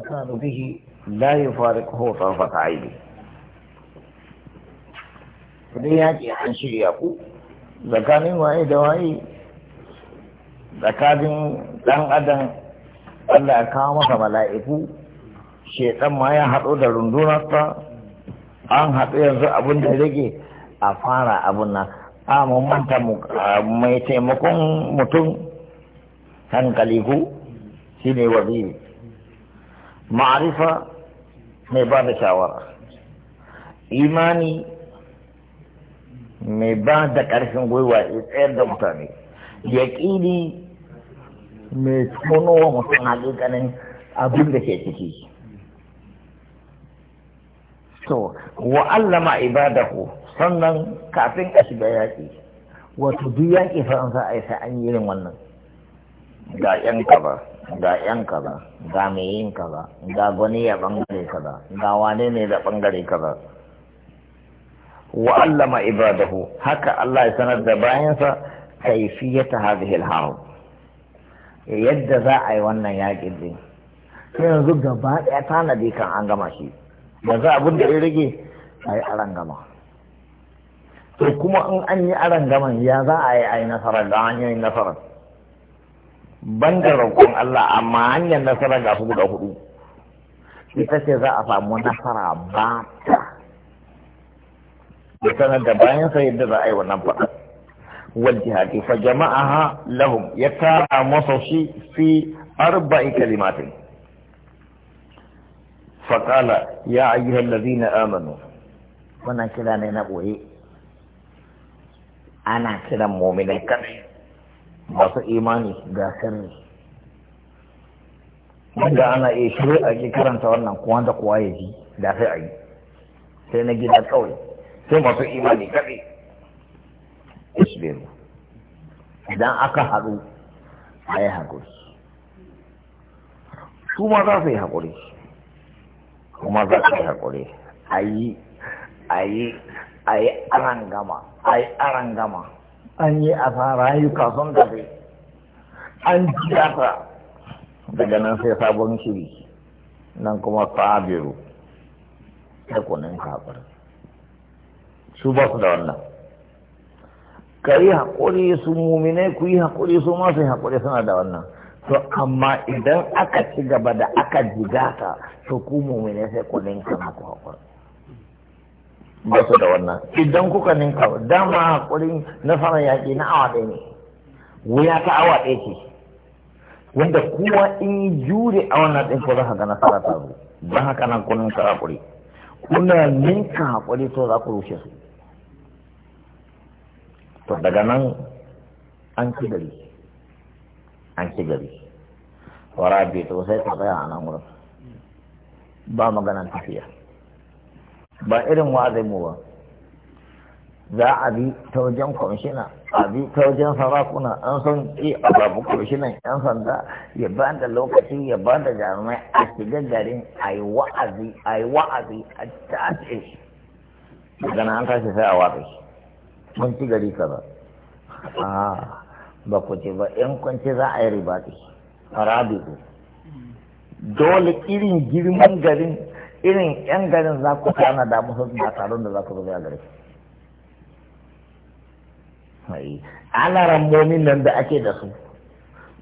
الإنسان به لا يفارقه طرفة عينه kudin yaki an shirya ku tsakanin waye da waye tsakanin ɗan adam Allah kawo masa mala'iku shekan ma ya haɗu da rundunarsa an haɗu yanzu abun da rage a fara abin nan a mun manta mai taimakon mutum hankali ku shi ne ma'arifa mai ba da shawara imani mai ba da ƙarfin gwiwa ya tsayar da mutane yaƙini mai tonowa mutum ganin abin da ke ciki to wa'allama ibadahu sannan kafin a shiga yaƙi wato duk yaƙi fa a yi an yi irin wannan ga yan ba ga yan ba ga mai yin kaza ga gwani ya bangare ba ga wane ne da bangare ba wa allama ibadahu haka Allah ya sanar da bayansa kaifiyata hadhihi al yadda za a yi wannan yakin din yanzu gaba ɗaya tanadi kan an gama shi yanzu abin da ya rage a yi aran gama to kuma in an yi aran gaman ya za a yi a yi nasarar da an yi nasarar ban da roƙon Allah amma hanyar nasara ga su guda hudu ita ce za a samu nasara ba ta da sanar da bayan sa yadda za a yi wannan faɗa wal jihadi fa jama'aha lahum ya tara masa shi fi arba'i kalimatin فقال يا أيها الذين wannan kira ne na ɓoye. Ana kiran مؤمن كده masu imani ga sirri wanda ana iya shirya a ke karanta wannan kuwa da kuwa ya ji da sai a yi sai na gida kawai sai masu imani kaɗai ishbiru idan aka haɗu a yi haƙuri su ma za su yi haƙuri kuma za su yi haƙuri a yi a yi a yi arangama a yi arangama an yi a rayuka sun tafi an jiyata daga nan sai sabon shiri nan kuma fabiru da kunin su ba su da wannan ka yi haƙuri su mumine ku yi haƙuri su masu haƙuri suna da wannan to amma idan aka ci gaba da aka jigata to ku mumine sai kunin kana ku haƙuri ba da wannan idan kuka ninka dama kurin na fara yaƙi na awa ɗaya ne wuya ta awa ɗaya ce wanda kuma in jure a wannan ɗin ko za ka ga sara ta zo don haka nan kun ninka haƙuri kuna ninka hakuri to za ku rushe su to daga nan an ci gari an ci gari wara to sai ka tsaya a nan wurin ba maganan tafiya ba irin wa'azin mu ba za a bi ta wajen kwamishina a bi ta wajen sarakuna an san iya ababu kwamishinan yan sanda ya ba da lokaci ya ba da jarumai a shiga garin a yi wa'azi a yi wa'azi a tace shi an tashi sai a watsa shi mun ci gari kaza ba ku ce ba yan kwanci za a yi riba ce. rabi dole irin girman garin irin yan garin za ku tana damu su da taron da za ku zuba gari. ana ramboni nan da ake da su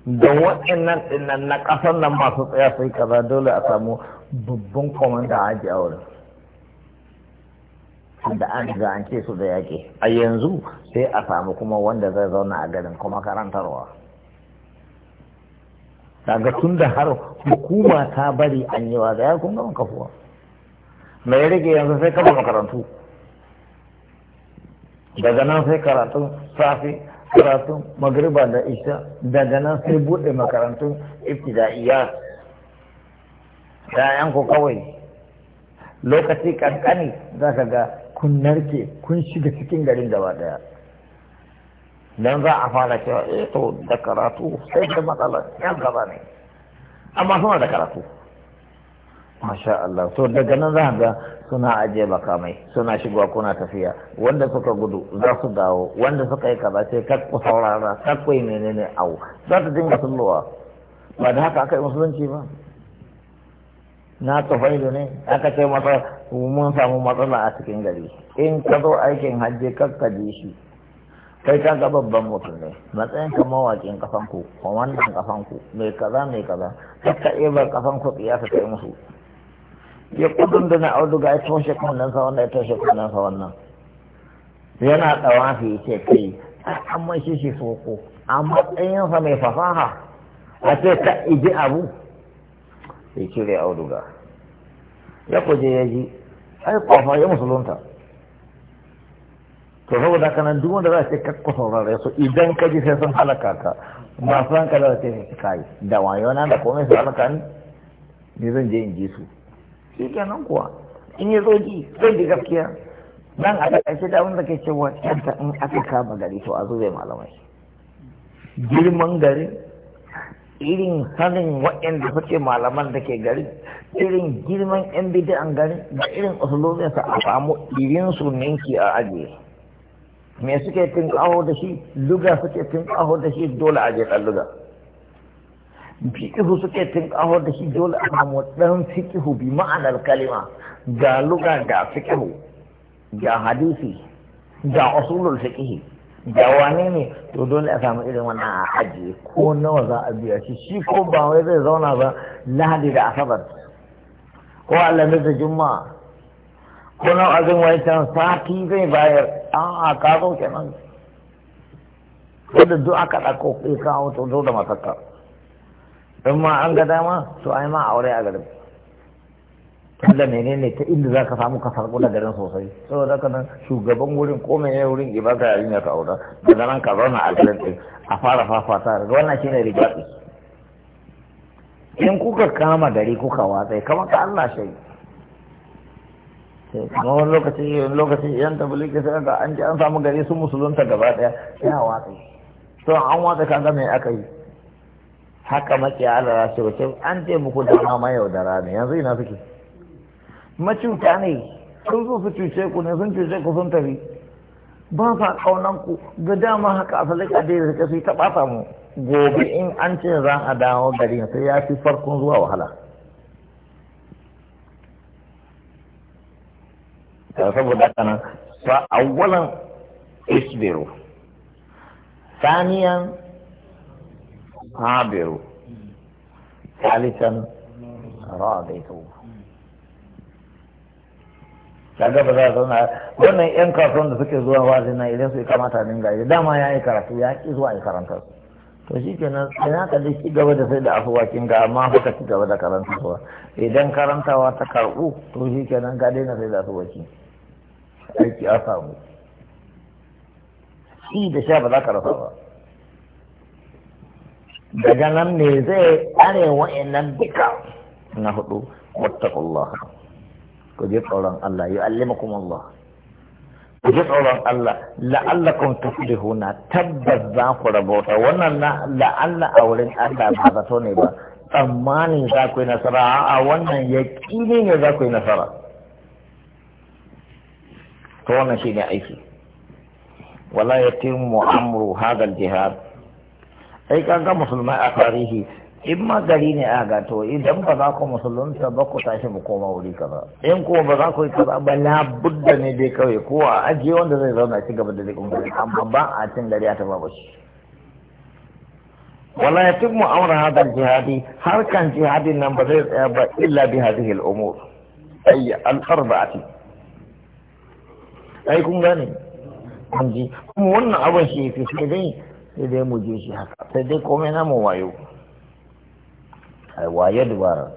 da waɗannan ɗinnan na ƙasar nan masu tsaya sai kaza dole a samu babban komanda a wurin da an ga an ce su da yaƙi a yanzu sai a samu kuma wanda zai zauna a garin kuma karantarwa daga tun da har hukuma ta bari an yi wa zai kun gama kafuwa mai rage yanzu sai kafa makarantu daga nan sai karatun safe karatun magriba da isha daga nan sai buɗe makarantun iftida'iya da yan ku kawai lokaci kankani za ka ga kun narke kun shiga cikin garin gaba daya don za a fara cewa eh da karatu sai da matsala yan gaba ne amma suna da karatu masha Allah to daga nan za ga suna ajiye makamai suna shigowa kuna tafiya wanda suka gudu za su dawo wanda suka yi kaza sai kar ku saurara kar ku yi menene au za ta dinga sulluwa ba da haka aka yi musulunci ba na tufailu ne aka ce masa mun samu matsala a cikin gari in ka zo aikin hajji kar ka je shi kai ka ga babban mutum ne matsayin ka mawaƙin kafanku wannan kafanku mai kaza mai kaza kar ka ɗebar kafanku tsiya ka kai musu ya kudin da na auduga ya toshe ita wannan ya nan sawan wannan yana da ce kai an mai shi shi soko a sa mai fasaha a ce ta iji abu sai cire auduga ya kuje ya ji ai kwafa ya musulunta to saboda kana duk wanda za ce kakko saurare su idan ka ji sai sun halaka ka masu hankali da ce kai da wayo na da komai su halaka ni ne zan je in ji su shi kenan kuwa in yi zo zai ji gaskiya dan a ƙarshe da wanda ke cewa yadda in aka kama gari to a zo zai malamai girman gari irin sanin waɗanda suke malaman da ke gari irin girman yan bidiyan gari da irin usulobin sa a samu irin su ninki a ajiye me suke tun kaho da shi luga suke tun kaho da shi dole aje ɗan lugar fiƙihu suke tun ƙaho da shi dole a samu ɗan fiƙihu bi ma'anar kalima ga luga ga fiƙihu ga hadisi ga usulul fiƙihi ga wane ne to dole a samu irin wannan a aji. ko nawa za a biya shi shi ko ba wai zai zauna ba lahadi da asabar ko alamis da juma'a ko na azin can sati zai bayar a'a ka zo kenan da duk aka ɗauko ka kawo to zo da masakar in ma an ga dama to ai ma aure a garin tunda menene ta inda zaka samu ka farko da garin sosai saboda haka nan shugaban wurin ko mai wurin baka yayin ya ka aura daga nan ka zauna a garin din a fara fafata daga wannan shine rigaɗi in kuka kama gari kuka watsai kamar ka Allah shai kuma wani lokaci wani lokaci yan tabbalike sai ga an ji an samu gari sun musulunta gaba daya sai a watsa to an watsa kaga me aka yi haka makiya Allah su ce an ce muku mama yau da ne yanzu ina suke macuta ne sun zo su cuce ku ne sun cuce ku sun tafi ba sa kaunan ku ga dama haka a salika da ya su ta bata mu gobe in an ce za a dawo gari sai ya fi farkon zuwa wahala saboda kana fa awwalan isbiru ثانيا صابروا ثالثا رابطوا daga ba za a zauna wannan yan kasuwan da suke zuwa wazi na idan su kamata din gaje dama ya yi karatu ya ki zuwa yi karanta to shi kenan ina ka da ci gaba da sai da asuwakin ga amma haka ci gaba da karantarwa idan karantawa ta karbu to shi nan ka daina sai da asuwaki aiki a samu shi da sha ba za ka rasa ba daga nan ne zai tsare wa'annan duka na hudu wattaqullah ku ji tsoron Allah allimakum Allah ku ji tsoron Allah la'allakum tuflihuna tabbas za ku rabota wannan na la'alla a wurin Allah ba zato ne ba tsammanin za ku yi nasara a wannan yaƙini ne za ku yi nasara to wannan shine aiki wala yatimmu amru hadal jihad sai kan ga musulmai a tarihi in ma gari ne a gato idan ba za ku musulunta ba ku tashi mu koma wuri kaza in kuma ba za ku yi kaza ba na budda ne dai kawai ko a ajiye wanda zai zauna ci gaba da duk kuma amma ba a cin gari a taba ba shi wala ya tumu amra hadar jihadi harkan jihadin nan ba zai tsaya ba illa bi hadihi al'umur umur al'arba'ati ai kun gane kun ji kuma wannan abin shi fi sai dai sai dai mu je shi haka sai dai komai na mu wayo ai waye dubara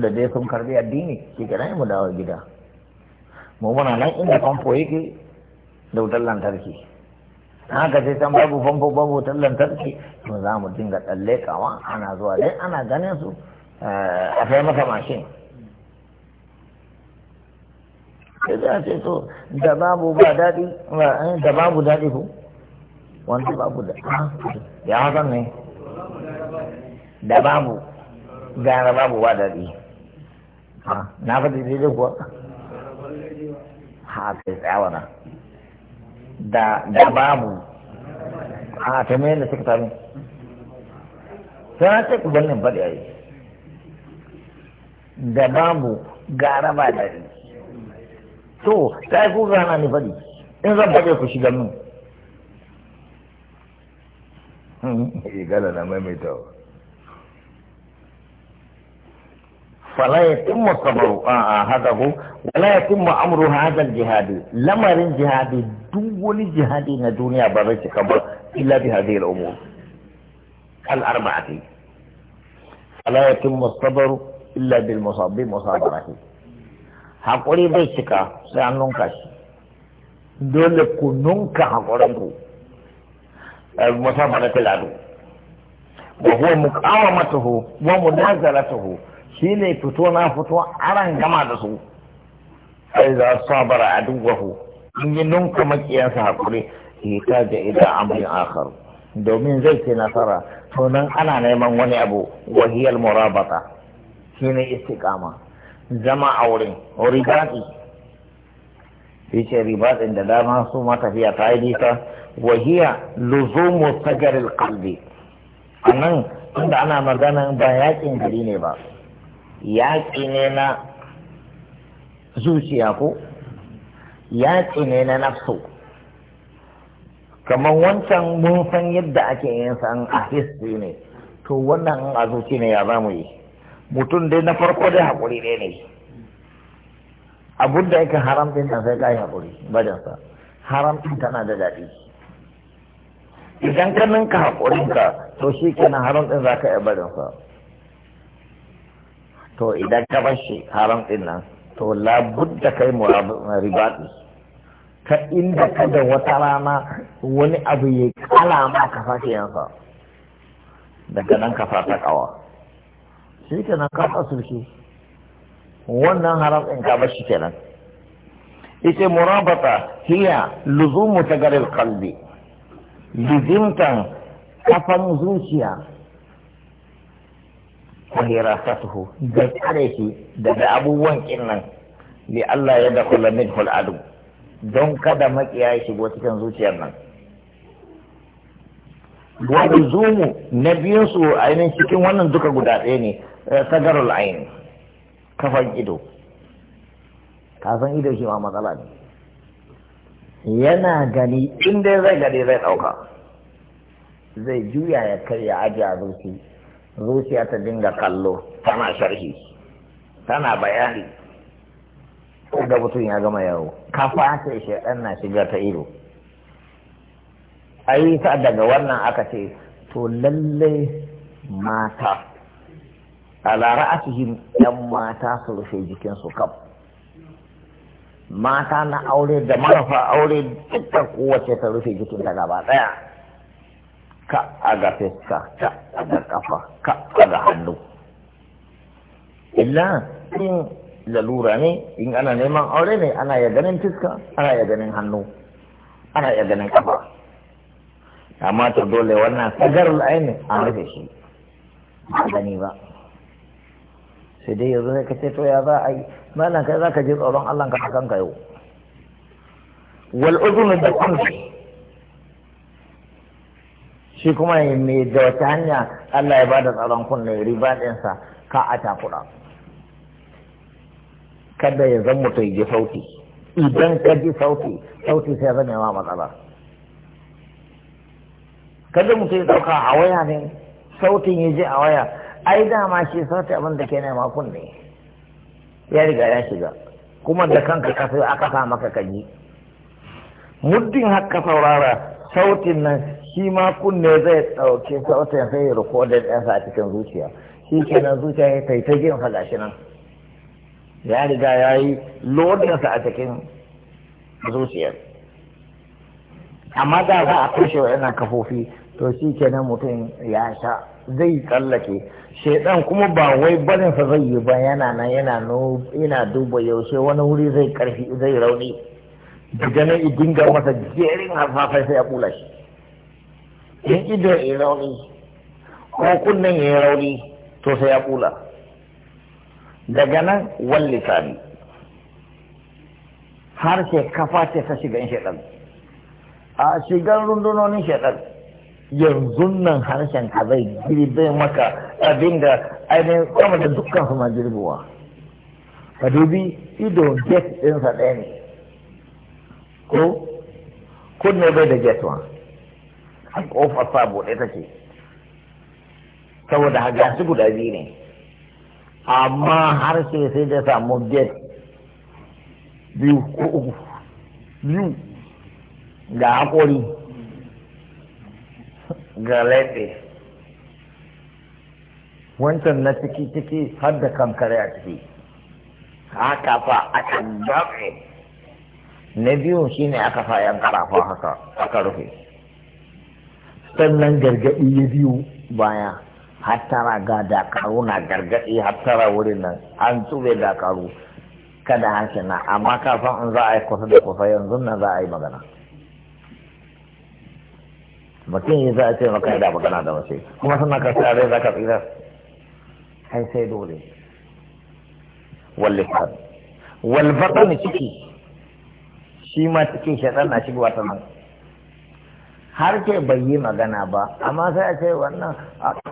da dai sun karbi addini shi kenan mu dawo gida mu muna nan inda famfo yake da wutar lantarki haka sai san babu famfo babu wutar lantarki mu za mu dinga tsalle kawa ana zuwa dai ana ganin su eh, a fai masa mashin sai da ce to da babu ba daɗi eh, da babu daɗi ko wanda babu da ya hasan ne da babu gara babu ba daɗi na fi daidai kuwa ha kai tsayawa wana da da babu a ta mai da suka taru sai ce ku bannin faɗi a yi da babu gara ba daɗi to ta yi ku gana ni faɗi in zan faɗi ku shiga min yi gana na maimaita wa falaye tun makabaru a haka ko walaye tun ma'amuru hajar jihadi lamarin jihadi duk wani jihadi na duniya ba zai cika ba illa bi hadai al'umma kal arba'ati falaye tun ma makabaru illa bi bil a musabarati hakuri bai cika sai an nunka shi dole ku nunka hakurin ku مسامحة العدو وهو مقاومته ومنازلته شيني فتونا فتوى أران كما فإذا صابر عدوه إن ينك مكيان سحقري يحتاج إلى أمر آخر domin zai ce nasara to nan ana neman wani abu wahiyar murabata Shi ne istiqama zama a wurin ribaɗi ce ribaɗin da dama su matafiya ta yi nisa wahiya luzumu sagaril qalbi anan inda ana magana ba yakin gari ne ba yaƙi ne na zuciya ko yaƙi ne na nafsu kamar wancan mun san yadda ake yin san a hisri ne to wannan a zuci ne ya za mu yi mutum dai na farko dai haƙuri ɗaya ne abun da yake haram ɗin sai ka yi haƙuri bajansa haram tana da daɗi idan ka ninka haƙurinka to shi kenan haram ɗin za ka iya barinsa to idan ka bar shi haram ɗin nan to da kai mu ribaɗi ka inda da wata rana wani abu ya kala ma ka sake yansa daga nan ka fata kawa shi nan ka sulki. wannan haram ɗin ka bar shi kenan ita murabata hiya luzumu ta garin kalbi lizimtan kafan zuciya wahira fatuhu da tsare shi daga abubuwan kinnan li Allah ya dakula min hul'adu don kada makiya ya shigo cikin zuciyar nan wani zumu na biyunsu ainihin cikin wannan duka guda ɗaya ne eh, sagarul ayin kafan ido kafan ido shi ma matsala ne yana gani inda zai gani zai ɗauka zai juya ya karya a zuci zuciya ta dinga kallo tana sharhi tana bayani da mutum ya gama yawo kafa ce shaɗan na shiga ta ido ai sa daga wannan aka ce to lallai mata a cikin yan mata su rufe jikinsu kafa mata na aure da marafa aure duka kowace ta rufe jikinta gaba daya ka aga fiska ka aga kafa ka aga hannu illa in lalura ne in ana neman aure ne ana ya ganin fiska ana ya ganin hannu ana ya ganin kafa amma ta dole wannan sagar aini an rufe shi ba gani ba sai dai yanzu sai ka ce to ya za a yi malam kai za ka je tsoron Allah ka hakan ka yau wal uzunu da kunfi shi kuma mai da wata hanya Allah ya bada tsaron kunne riba ɗinsa ka a takura kada ya zan mutu ji sauti idan ka ji sauti sauti sai zan zama matsala kada mutu ya ɗauka a waya ne sautin ya ji a waya ai dama shi sauta abin da ke nema kunne ya riga ya shiga kuma da kanka ka sai aka sa maka kaji muddin haka saurara sautin nan shi ma kunne zai ɗauki sautin sai recorded ɗansa a cikin zuciya shi ke na zuciya ya kai ta jin nan ya riga ya yi lodinsa a cikin zuciyar amma da za a kushe wa yana kafofi to shi kenan mutum ya sha zai tsallake shaidan kuma ba wai barinsa zai yi ba yana nan yana yana duba yaushe wani wuri zai karfi zai rauni Da nan idin dinga masa jerin hafafai sai ya bula shi in ido ya rauni ko kunnen ya rauni to sai ya bula daga nan Har harshe kafa ce ta shigan shaidan a shigan rundunonin shaidan yanzu nan harshen ka zai girbe maka abin da ainihin sama da dukkan su ma girbewa ka dubi ido get ɗinsa ɗaya ne ko kunne bai da get wa a ƙofar sa buɗe take saboda haga su guda biyu ne amma harshe sai da samu get biyu ko uku biyu ga haƙori galete wancan na ciki ciki har da kankare a ciki haka fa a can dafe na biyu shine aka fa yan karafa haka aka rufe sannan gargaɗi ya biyu baya hattara ga dakaru na gargaɗi hattara wurin nan an tsube dakaru kada hankali na amma kafin in za a yi kusa da kusa yanzu nan za a yi magana mutum yi za a ce maka da magana da wasu kuma suna ka sai rai za ka tsira ai sai dole wal walbatan ciki shi ma cikin shaɗan na shigowa ta nan har ke bai yi magana ba amma sai a ce wannan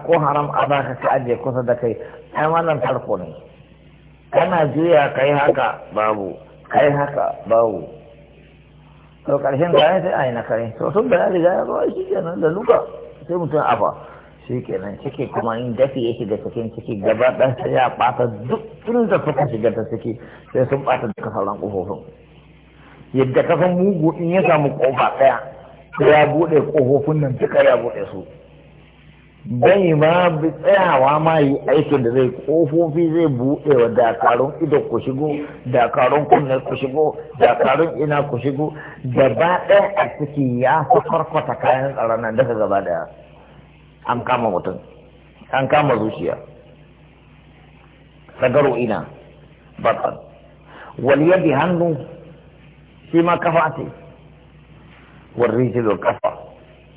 ko haram a ba ka ajiye kusa da kai ai wannan farko ne kana juya kai haka babu kai haka babu to karshen kayan sai a yi na kare to sun bayan riga ya zo shi kenan da luka sai mutum afa shi ke nan ciki kuma in dafi ya shiga cikin ciki gaba ɗan sai ya ɓata duk da suka shiga ta ciki sai sun ɓata duka sauran ƙofofin yadda kasan mugu in ya samu ƙofa ɗaya sai ya buɗe ƙofofin nan duka ya buɗe su bai ma bi tsayawa ma yi aikin da zai kofofi zai buɗe wa dakarun ido ku shigo dakarun kunne ku shigo dakarun ina ku shigo gaba ɗaya a ciki ya fi farkwata kayan tsaron nan daga gaba ɗaya an kama mutum an kama zuciya sagaru ina waliyar waliyadi hannu shi ma kafa ce warrijilo kafa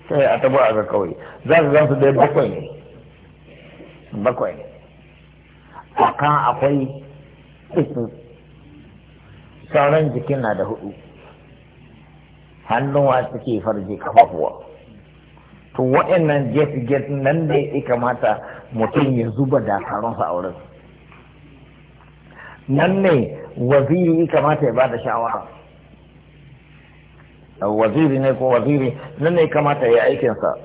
sai a tabo a ga kawai za su zan su dai bakwai ne bakwai ne a kan akwai uku sauran jikin na da hudu hannuwa suke farji kafafuwa to waɗannan get-get nan da ya kamata mutum ya zuba dakarunsa a wurin nan ne waziri kamata ya ba da shawara waziri ne ko waziri nan ne kamata ya aikinsa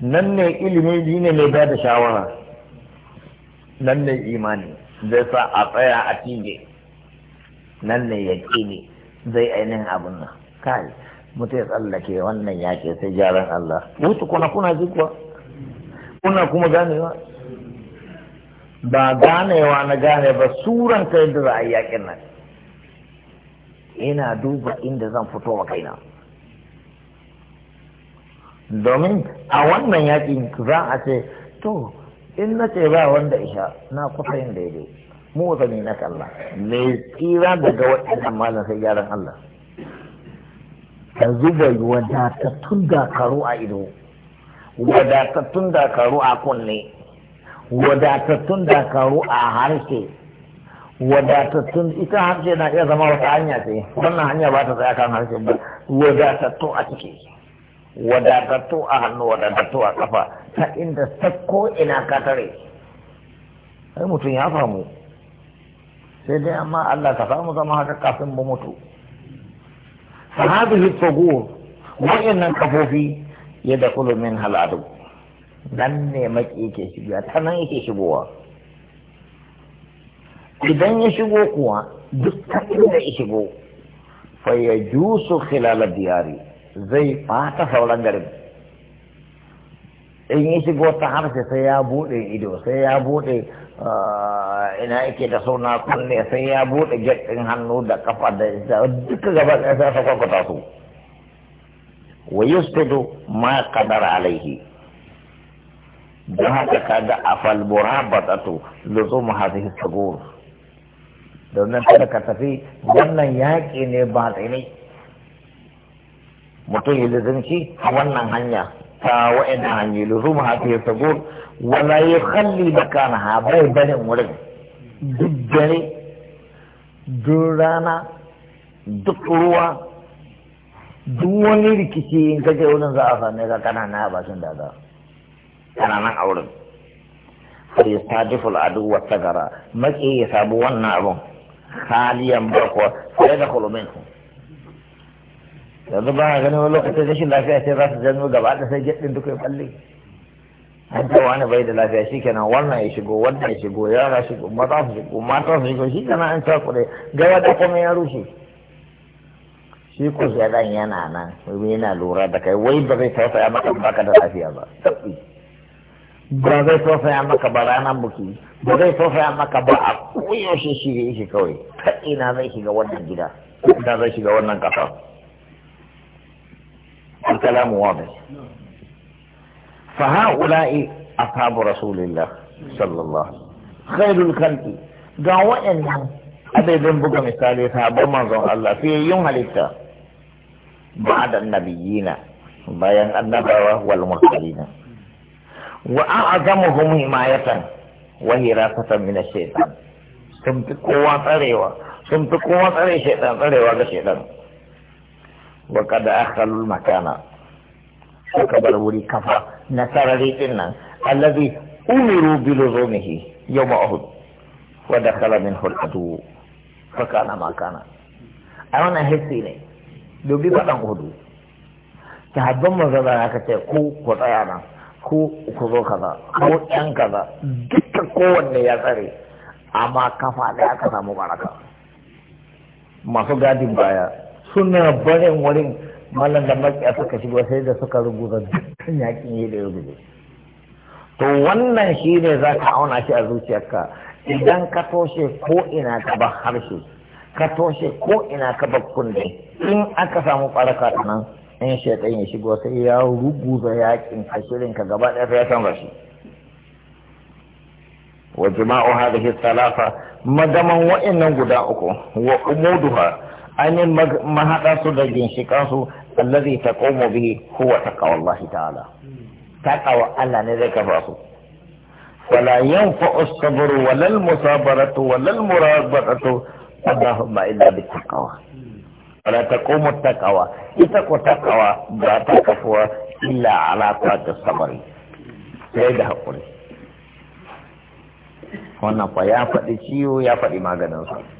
nan ne ilimi ne mai ba da shawara nan ne imani zai sa a tsaya a cije nan ne yaƙi ne zai ainihin abin nan kai mutai ya tsallake wannan ya ce sai jaran Allah wuce kuna kuna kuwa kuna kuma ganewa ba ganewa na gane ba suran ta yadda za a yi yakin nan ina duba inda zan fito wa kaina domin a wannan yaƙi za a ce to in na ce ba wanda isha na kusa yin daidai mu ne na Allah mai tsira daga waɗannan malam sai gyaran Allah ka zuba wadatattun dakaru a ido wadatattun dakaru a kunne wadatattun dakaru a harshe wadatattun ita harshe na iya zama wata hanya ce wannan hanya ba ta tsaya kan harshe ba wadatattu a ciki wadatattu a hannu wadatattu a kafa ta inda ta ko ina ka tare sai mutum ya famu sai dai amma Allah ka samu zama haka kafin mu mutu sahabihi tsogo wa'annan kafofi ya da kulumin haladu nan ne maki yake shiga ta nan yake shigowa idan ya shigo kuwa duk kafin da ya shigo fa ya jusu khilala diyari zai fata sauran garin in ya shigo ta harshe sai ya bude ido sai ya bude ah, ina yake da suna kunne sai ya bude ɗin hannu da kafa da duka gaba ɗaya sai ta kwakwata su wa yusfidu ma qadara alaihi don haka kaga afal murabatatu luzum hadhihi sagur domin kada ka tafi wannan yaƙi ne ba tsini mutum yi lizinci wannan hanya ta wa'in hanyi luzuma haka ya sagur wala ya kalli da kana ha bai barin wurin duk dare duk rana duk ruwa duk wani rikici in kaje wurin za a same ka kana na bashin da kana nan a wurin sai sadiful adu wata gara maki ya sabu wannan abun khaliyan ba ko sai da kulumin ku yanzu ba ganin wani lokacin rashin lafiya sai za su janyo gaba da sai jaddin duka ya balle an ce wani bai da lafiya shi kenan wannan ya shigo wannan ya shigo yara shigo mata su shigo mata su shigo shi kenan an sa kuɗi gaba da kuma ya rushe shi ko sai yana nan yana lura da kai wai ba zai tausaya maka baka da lafiya ba tabbi ba zai tausaya maka ba ranar buki ba zai tausaya maka ba a koyaushe shi shi kawai ta ina zai shiga wannan gida ina zai shiga wannan kasa kalamu wa bai fa haula'i ashabu rasulillah sallallahu khairul khalqi ga wa'annan adadin buga misali sabon manzon Allah fiye yin halitta Ba ba'da nabiyina bayan annabawa wal mursalina wa a'zamuhum himayatan wa hirasatan min ash-shaytan sun fi kowa tsarewa sun fi kowa tsare shaytan tsarewa ga shaytan wa qad akhalul makana suka bar wuri kafa na sarari din nan allazi umiru bi luzumihi yawma uhud wa dakhala minhu al-adu fa kana makana. kana a wannan hissi ne dubi faɗan hudu sahabban manzon aka ce ku ku tsaya nan ko ku zo kaza ko ɗan kaza duka kowanne ya tsare amma kafa da aka samu baraka masu gadin baya suna barin wurin mallan da a suka shigo sai da suka rubuta dukkan yakin yi da rubuta to wannan shi ne za ka auna shi a zuciyarka idan ka toshe ko ina ka ba harshe ka toshe ko ina ka ba kunne in aka samu baraka nan in shaitan ya shigo sai ya rubuta yakin ashirin ka gaba ɗaya ya canza rashi wa jima'u hadhihi thalatha magaman wa'annan guda uku wa umuduha an mahada su da ginshikan su allazi taqumu bihi huwa taqwallahi ta'ala taqwa Allah ne zai kafa su ولا ينفع الصبر ولا المصابرة ولا Allahumma illa bi taqwa wala ta komo takawa ita ko takawa ba ta kafuwa illa alaka ta sabari sai da haƙuri wannan fa ya faɗi ciwo ya faɗi maganinsa